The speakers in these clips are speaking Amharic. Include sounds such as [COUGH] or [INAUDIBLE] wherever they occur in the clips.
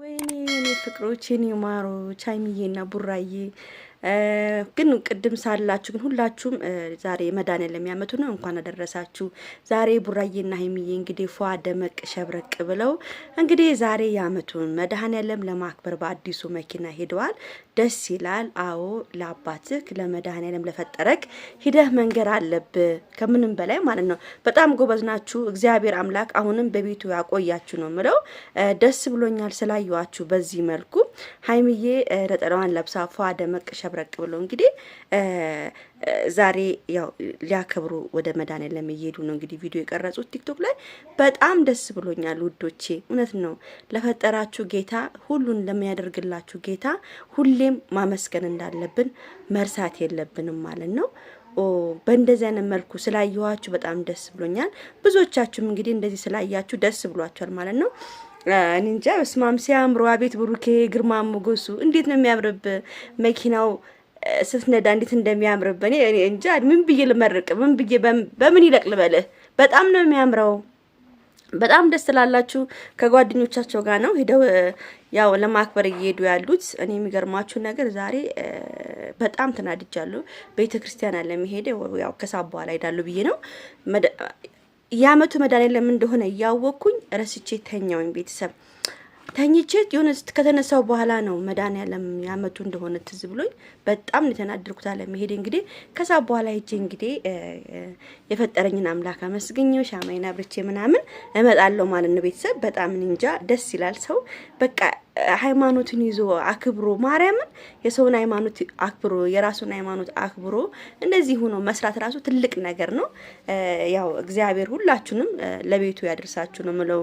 ወይኔ የኔ ፍቅሮች የኔ ማሮች እና ቡራዬ ግን ቅድም ሳላችሁ ግን ሁላችሁም ዛሬ መዳንን የሚያመቱ ነው። እንኳን አደረሳችሁ። ዛሬ ቡራዬና ሀይሚዬ እንግዲህ ፏ ደመቅ ሸብረቅ ብለው እንግዲህ ዛሬ ያመቱን መድኃኒዓለም ለማክበር በአዲሱ መኪና ሄደዋል። ደስ ይላል። አዎ ለአባትህ ለመድኃኒዓለም ለፈጠረክ ሂደህ መንገር አለብህ ከምንም በላይ ማለት ነው። በጣም ጎበዝ ናችሁ። እግዚአብሔር አምላክ አሁንም በቤቱ ያቆያችሁ ነው ምለው። ደስ ብሎኛል ስላየዋችሁ በዚህ መልኩ ሀይሚዬ ነጠላዋን ለብሳ ፏ ደመቅ ሸብረቅ ብሎ እንግዲህ ዛሬ ያው ሊያከብሩ ወደ መዳን ለሚሄዱ ነው እንግዲህ ቪዲዮ የቀረጹት ቲክቶክ ላይ። በጣም ደስ ብሎኛል ውዶቼ፣ እውነት ነው ለፈጠራችሁ ጌታ፣ ሁሉን ለሚያደርግላችሁ ጌታ ሁሌም ማመስገን እንዳለብን መርሳት የለብንም ማለት ነው። በእንደዚህ አይነት መልኩ ስላየኋችሁ በጣም ደስ ብሎኛል። ብዙዎቻችሁም እንግዲህ እንደዚህ ስላያችሁ ደስ ብሏችኋል ማለት ነው። እንጃ በስማም ሲያምሩ፣ አቤት ብሩኬ ግርማ ሞገሱ እንዴት ነው የሚያምርብ መኪናው ስትነዳ እንዴት እንደሚያምርብ እኔ እንጃ ምን ብዬ ልመርቅ፣ ምን ብዬ በምን ይለቅል በልህ? በጣም ነው የሚያምረው። በጣም ደስ ትላላችሁ። ከጓደኞቻቸው ጋር ነው ሄደው ያው ለማክበር እየሄዱ ያሉት። እኔ የሚገርማችሁ ነገር ዛሬ በጣም ተናድጃለሁ። ቤተ ክርስቲያን አለ የሚሄደው ያው ከሳብ በኋላ ሄዳሉ ብዬ ነው የአመቱ መድኃኒዓለም እንደሆነ እያወቅኩኝ ረስቼ ተኛውኝ። ቤተሰብ ተኝቼ የሆነ ከተነሳው በኋላ ነው መድኃኒዓለም የአመቱ እንደሆነ ትዝ ብሎኝ በጣም ነው የተናደድኩት። አለመሄድ እንግዲህ ከዛ በኋላ ሄጄ እንግዲህ የፈጠረኝን አምላክ አመስግኘው ሻማዬን አብርቼ ምናምን እመጣለሁ ማለት ነው። ቤተሰብ በጣም እንጃ ደስ ይላል። ሰው በቃ ሃይማኖትን ይዞ አክብሮ ማርያምን የሰውን ሃይማኖት አክብሮ የራሱን ሃይማኖት አክብሮ እንደዚህ ሆኖ መስራት ራሱ ትልቅ ነገር ነው። ያው እግዚአብሔር ሁላችሁንም ለቤቱ ያደርሳችሁ ነው ምለው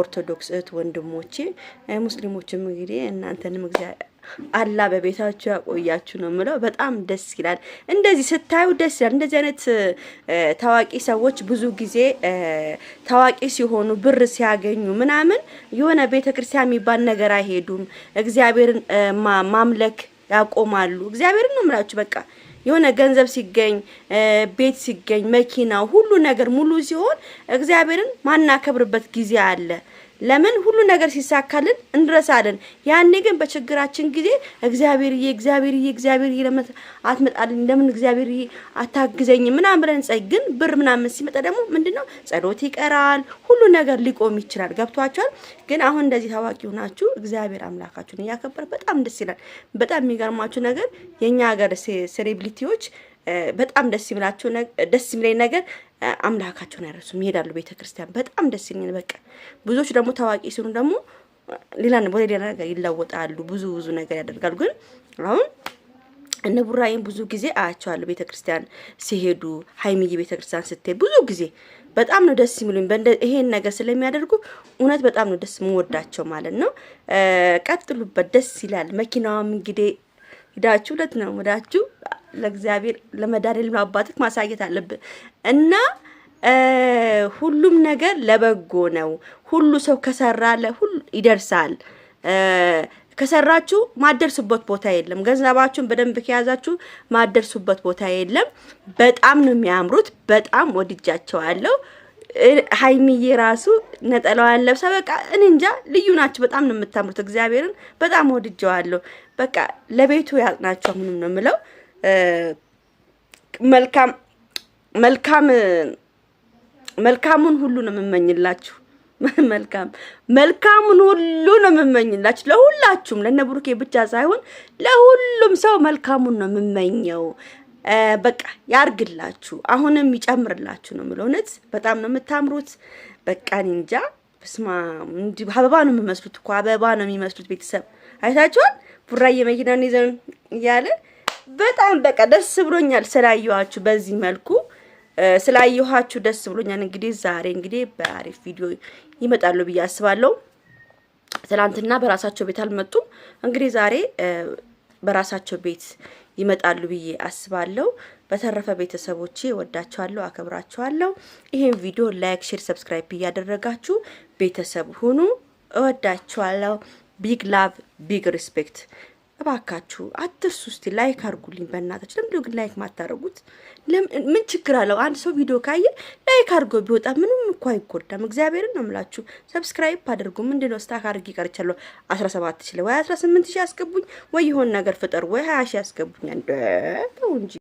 ኦርቶዶክስ እህት ወንድሞቼ፣ ሙስሊሞችም እንግዲህ እናንተንም እግዚአብሔር አላ በቤታችሁ ያቆያችሁ ነው የምለው። በጣም ደስ ይላል። እንደዚህ ስታዩ ደስ ይላል። እንደዚህ አይነት ታዋቂ ሰዎች ብዙ ጊዜ ታዋቂ ሲሆኑ ብር ሲያገኙ ምናምን የሆነ ቤተ ክርስቲያን የሚባል ነገር አይሄዱም። እግዚአብሔርን ማምለክ ያቆማሉ። እግዚአብሔርን ነው የምላችሁ በቃ የሆነ ገንዘብ ሲገኝ ቤት ሲገኝ መኪና ሁሉ ነገር ሙሉ ሲሆን እግዚአብሔርን ማናከብርበት ጊዜ አለ። ለምን ሁሉ ነገር ሲሳካልን እንረሳለን። ያኔ ግን በችግራችን ጊዜ እግዚአብሔርዬ እግዚአብሔርዬ እግዚአብሔርዬ ለምን አትመጣልኝ? ለምን እግዚአብሔርዬ አታግዘኝ? ምናምን ብለን ጸይ ግን ብር ምናምን ሲመጣ ደግሞ ምንድነው ጸሎት ይቀራል። ሁሉ ነገር ሊቆም ይችላል። ገብቷቸዋል። ግን አሁን እንደዚህ ታዋቂ ሆናችሁ እግዚአብሔር አምላካችሁን እያከበረ በጣም ደስ ይላል። በጣም የሚገርማችሁ ነገር የኛ ሀገር ሴሌብሪቲዎች በጣም ደስ ይላችሁ ደስ የሚለኝ ነገር አምላካቸውን አይረሱም፣ ይሄዳሉ ቤተ ክርስቲያን። በጣም ደስ የሚል በቃ። ብዙዎች ደግሞ ታዋቂ ሲሆኑ ደግሞ ሌላ ወደ ሌላ ነገር ይለወጣሉ፣ ብዙ ብዙ ነገር ያደርጋሉ። ግን አሁን እነ ቡራዬን ብዙ ጊዜ አያቸዋለሁ ቤተ ክርስቲያን ሲሄዱ፣ ሀይሚዬ ቤተ ክርስቲያን ስትሄድ ብዙ ጊዜ በጣም ነው ደስ የሚሉኝ። ይሄን ነገር ስለሚያደርጉ እውነት በጣም ነው ደስ የምወዳቸው ማለት ነው። ቀጥሉበት፣ ደስ ይላል። መኪናዋም እንግዲህ ሂዳችሁ ለት ነው ሂዳችሁ ለእግዚአብሔር ለመድኃኔዓለም አባትህ ማሳየት አለብህ እና ሁሉም ነገር ለበጎ ነው። ሁሉ ሰው ከሰራ ሁሉ ይደርሳል። ከሰራችሁ ማደርሱበት ቦታ የለም። ገንዘባችሁን በደንብ ከያዛችሁ ማደርሱበት ቦታ የለም። በጣም ነው የሚያምሩት። በጣም ወድጃቸዋለሁ። ሀይሚዬ ራሱ ነጠላዋን ለብሳ በቃ እኔ እንጃ ልዩ ናቸው። በጣም ነው የምታምሩት። እግዚአብሔርን በጣም ወድጀዋለሁ። በቃ ለቤቱ ያጽናቸው። ምንም ነው የምለው። መልካም መልካም መልካሙን ሁሉ ነው የምመኝላችሁ። [LAUGHS] መልካም መልካሙን ሁሉ ነው የምመኝላችሁ ለሁላችሁም፣ ለነብሩኬ ብቻ ሳይሆን ለሁሉም ሰው መልካሙን ነው የምመኘው። በቃ ያርግላችሁ፣ አሁንም ይጨምርላችሁ ነው የምለው። እውነት በጣም ነው የምታምሩት። በቃ እንጃ ስማ፣ እንዲህ አበባ ነው የምመስሉት እኮ አበባ ነው የሚመስሉት። ቤተሰብ አይታችኋል። ቡራዬ መኪናን ይዘን እያለ በጣም በቃ ደስ ብሎኛል ስላየኋችሁ በዚህ መልኩ ስላየኋችሁ ደስ ብሎኛል። እንግዲህ ዛሬ እንግዲህ በአሪፍ ቪዲዮ ይመጣሉ ብዬ አስባለሁ። ትናንትና በራሳቸው ቤት አልመጡም። እንግዲህ ዛሬ በራሳቸው ቤት ይመጣሉ ብዬ አስባለሁ። በተረፈ ቤተሰቦቼ ወዳችኋለሁ፣ አከብራችኋለሁ። ይህን ቪዲዮ ላይክ፣ ሼር፣ ሰብስክራይብ እያደረጋችሁ ቤተሰብ ሁኑ። እወዳችኋለሁ። ቢግ ላቭ ቢግ ሪስፔክት እባካችሁ አትርሱ። እስቲ ላይክ አድርጉልኝ በእናታችሁ። ለምንድነው ግን ላይክ ማታደርጉት? ምን ችግር አለው? አንድ ሰው ቪዲዮ ካየ ላይክ አድርጎ ቢወጣ ምንም እኮ አይጎዳም። እግዚአብሔርን ነው የምላችሁ። ሰብስክራይብ አድርጉ። ምንድነው ስታክ አድርጌ ቀርቻለሁ። አስራ ሰባት ሺ ወይ አስራ ስምንት ሺ ያስገቡኝ ወይ የሆን ነገር ፍጠሩ ወይ ሀያ ሺ ያስገቡኝ። እንደ ተው እንጂ